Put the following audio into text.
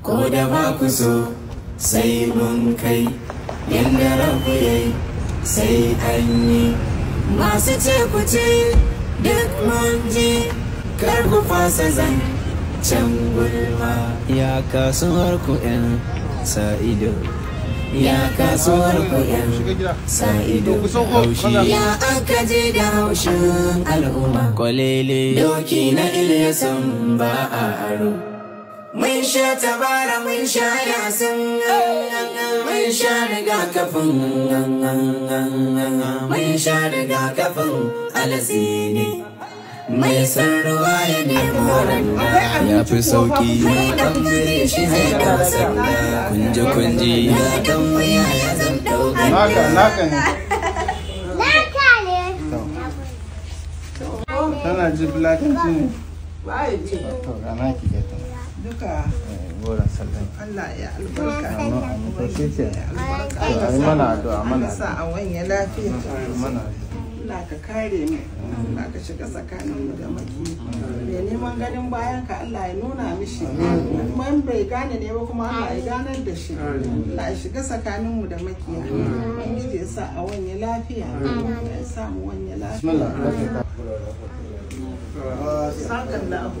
ko da ba ku so sai mun kai yadda rabu yi sai an yi masu ce ku ce duk mun ji kar ku fasa zan can gulma ya kasuwar ku yan sa'ido ya kasuwar ku yan sa'ido haushi ya aka je da haushin al'umma kwalele doki na iliyasan ba a aro Mun sha tabara mun sha yasin mun sha rigakafin mun sha rigakafin alasini mai san ruwa ya nemo ya fi sauki mai dan shi zai kasa kunje kunje ya dan wuya ya zan dauka duka Allah ya albarka mana sa a lafiya ka kare mu ka shiga neman ganin bayan ka Allah ya nuna mishi bai gane ne ba kuma Allah ya ganar da shi shiga tsakanin mu da makiya ubangiji ya sa a wanya lafiya ya sa lafiya abu